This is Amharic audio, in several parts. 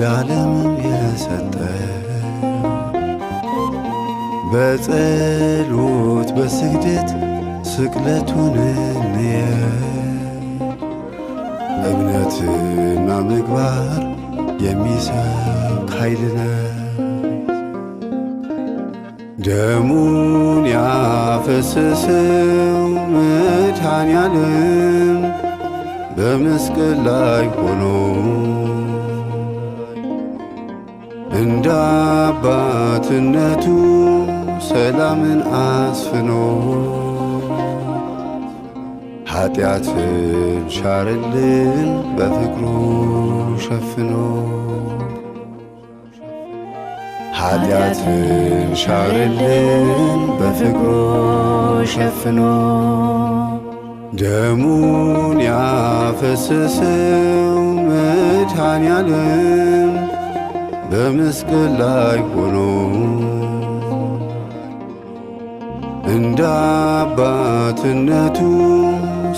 ለዓለምም የሰጠ በጸሎት በስግደት ስቅለቱን እንየ እምነትና ምግባር የሚሰብክ ኃይል ነው። ደሙን ያፈሰሰው መድኃኔዓለም በመስቀል ላይ ሆኖ እንደ አባትነቱ ሰላምን አስፍኖ ኃጢአትን ሻርልን በፍቅሩ ሸፍኖ ኃጢአትን ሻርልን በፍቅሩ ሸፍኖ ደሙን ያፈሰሰው መድኃኔዓለም በመስቀል ላይ ሆኖ እንደ አባትነቱ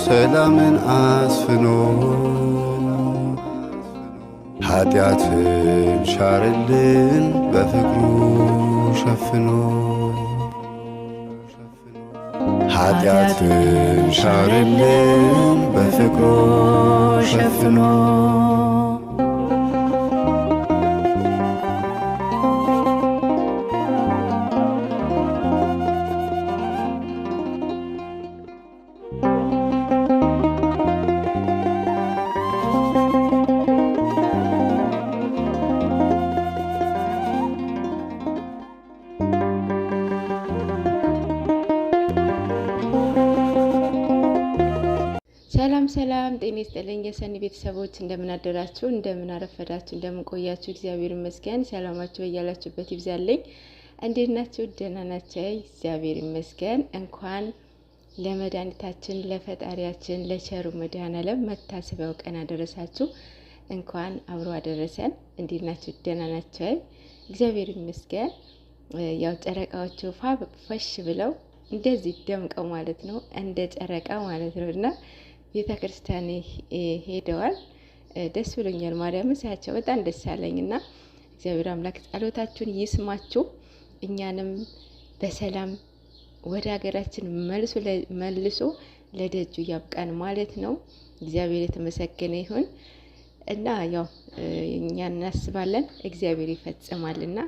ሰላምን አስፍኖ ኃጢአትን ሻርልን በፍቅሩ ሸፍኖ ኃጢአትን ሻርልን በፍቅሩ ሸፍኖ ሰላም ሰላም፣ ጤና ይስጥልኝ የሰኒ ቤተሰቦች፣ እንደምን አደራችሁ፣ እንደምን አረፈዳችሁ፣ እንደምን ቆያችሁ? እግዚአብሔር ይመስገን። ሰላማችሁ በያላችሁበት ይብዛልኝ። እንዴት ናችሁ? ደህና ናችሁ? እግዚአብሔር ይመስገን። እንኳን ለመድኃኒታችን ለፈጣሪያችን ለቸሩ መድኃኔዓለም መታሰቢያው ቀን አደረሳችሁ። እንኳን አብሮ አደረሰን። እንዴት ናችሁ? ደህና ናችሁ? እግዚአብሔር ይመስገን። ያው ጨረቃዎቹ ፋ ፈሽ ብለው እንደዚህ ደምቀው ማለት ነው እንደ ጨረቃ ማለት ነው እና ቤተ ክርስቲያን ሄደዋል። ደስ ብሎኛል። ማርያም ሳያቸው በጣም ደስ ያለኝ እና እግዚአብሔር አምላክ ጸሎታችሁን ይስማችሁ እኛንም በሰላም ወደ ሀገራችን መልሶ ለደጁ ያብቃን ማለት ነው። እግዚአብሔር የተመሰገነ ይሁን እና ያው እኛ እናስባለን፣ እግዚአብሔር ይፈጽማልና